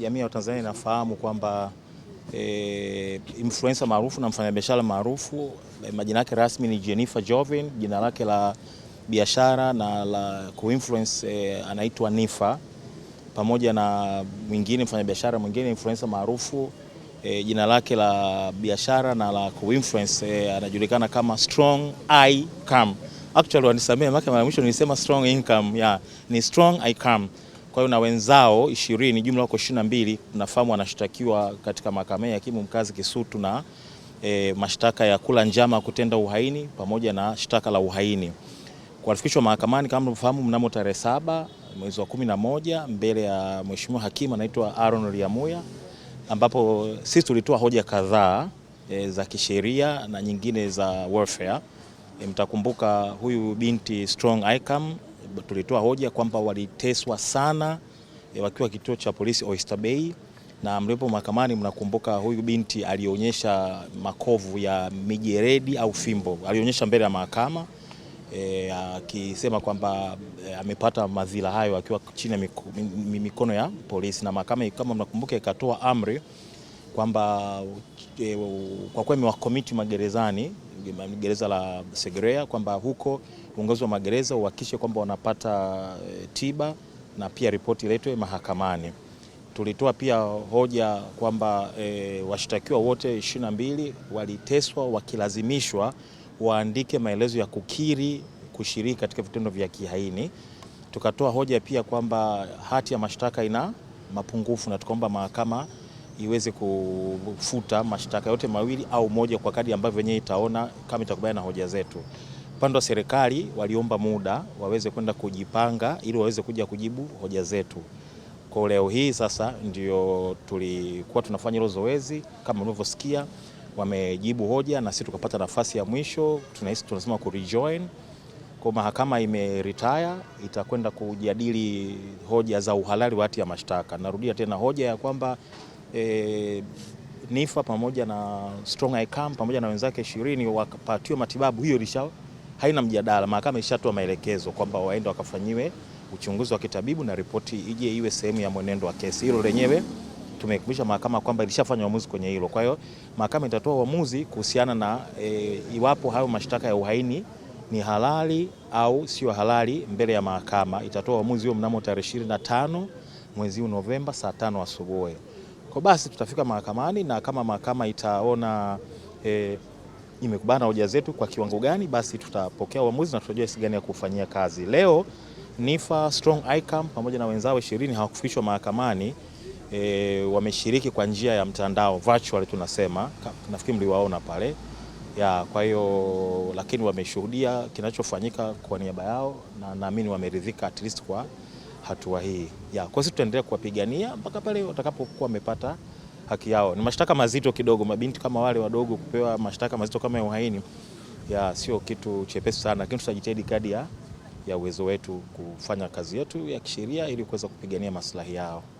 jamii ya Tanzania inafahamu kwamba e, influencer maarufu na mfanyabiashara maarufu e, majina yake rasmi ni Jennifer Jovin, jina lake la biashara na la kuinfluence e, anaitwa Nifa, pamoja na mwingine mfanyabiashara mwingine influencer maarufu e, jina lake la biashara na la kuinfluence e, anajulikana kama Strong I Come. Actually wanisamee, maana mara mwisho nilisema strong income, yeah, ni Strong I Come kwa hiyo na wenzao ishirini, jumla wako ishirini na mbili. Tunafahamu wanashtakiwa katika mahakama ya hakimu mkazi Kisutu na e, mashtaka ya kula njama kutenda uhaini pamoja na shtaka la uhaini kuwafikishwa mahakamani kama mnafahamu, mnamo tarehe saba mwezi wa kumi na moja mbele ya mheshimiwa hakimu anaitwa Aaron Lyamuya, ambapo sisi tulitoa hoja kadhaa e, za kisheria na nyingine za welfare. E, eh, mtakumbuka huyu binti Strong Icam tulitoa hoja kwamba waliteswa sana e, wakiwa kituo cha polisi Oyster Bay, na mlipo mahakamani, mnakumbuka huyu binti alionyesha makovu ya mijeredi au fimbo, alionyesha mbele ya mahakama e, akisema kwamba e, amepata madhila hayo akiwa chini ya mikono ya polisi, na mahakama kama mnakumbuka ikatoa amri kwamba e, kwa kuwa imewakomiti magerezani gereza la Segerea kwamba huko uongozi wa magereza uhakikishe kwamba wanapata eh, tiba na pia ripoti iletwe mahakamani. Tulitoa pia hoja kwamba e, washtakiwa wote ishirini na mbili waliteswa wakilazimishwa waandike maelezo ya kukiri kushiriki katika vitendo vya kihaini. Tukatoa hoja pia kwamba hati ya mashtaka ina mapungufu na tukaomba mahakama iweze kufuta mashtaka yote mawili au moja kwa kadi ambavyo wenyewe itaona kama itakubaliana na hoja zetu. Upande wa serikali waliomba muda waweze kwenda kujipanga ili waweze kuja kujibu hoja zetu. Kwa leo hii sasa ndio tulikuwa tunafanya hilo zoezi, kama unavyosikia wamejibu hoja na sisi tukapata nafasi ya mwisho, tunahisi tunasema ku rejoin kwa mahakama ime retire, itakwenda kujadili hoja za uhalali wa hati ya mashtaka. Narudia tena hoja ya kwamba e, Nifa pamoja na Strong Icam pamoja na wenzake ishirini wakapatiwa matibabu, hiyo ilisha haina mjadala. Mahakama ishatoa maelekezo kwamba waende wakafanyiwe uchunguzi wa kitabibu na ripoti ije iwe sehemu ya mwenendo wa kesi. Hilo lenyewe tumekumbusha mahakama kwamba ilishafanya uamuzi kwenye hilo. Kwa hiyo mahakama itatoa uamuzi kuhusiana na e, iwapo hayo mashtaka ya uhaini ni halali au sio halali mbele ya mahakama. Itatoa uamuzi huo mnamo tarehe 25 mwezi huu Novemba saa tano asubuhi. Kwa basi tutafika mahakamani na kama mahakama itaona e, imekubana hoja zetu kwa kiwango gani, basi tutapokea uamuzi na tutajua jinsi gani ya kufanyia kazi. Leo Nifa Strong ICAM pamoja na wenzao ishirini hawakufikishwa mahakamani. E, wameshiriki kwa njia ya mtandao virtual tunasema, nafikiri mliwaona pale ya. Kwa hiyo lakini wameshuhudia kinachofanyika kwa niaba yao, na naamini wameridhika at least kwa hatua hii ya. Kwa sisi tutaendelea kuwapigania mpaka pale watakapokuwa wamepata haki yao. Ni mashtaka mazito kidogo, mabinti kama wale wadogo kupewa mashtaka mazito kama ya uhaini ya sio kitu chepesi sana, lakini tutajitahidi kadi ya uwezo wetu kufanya kazi yetu ya kisheria ili kuweza kupigania maslahi yao.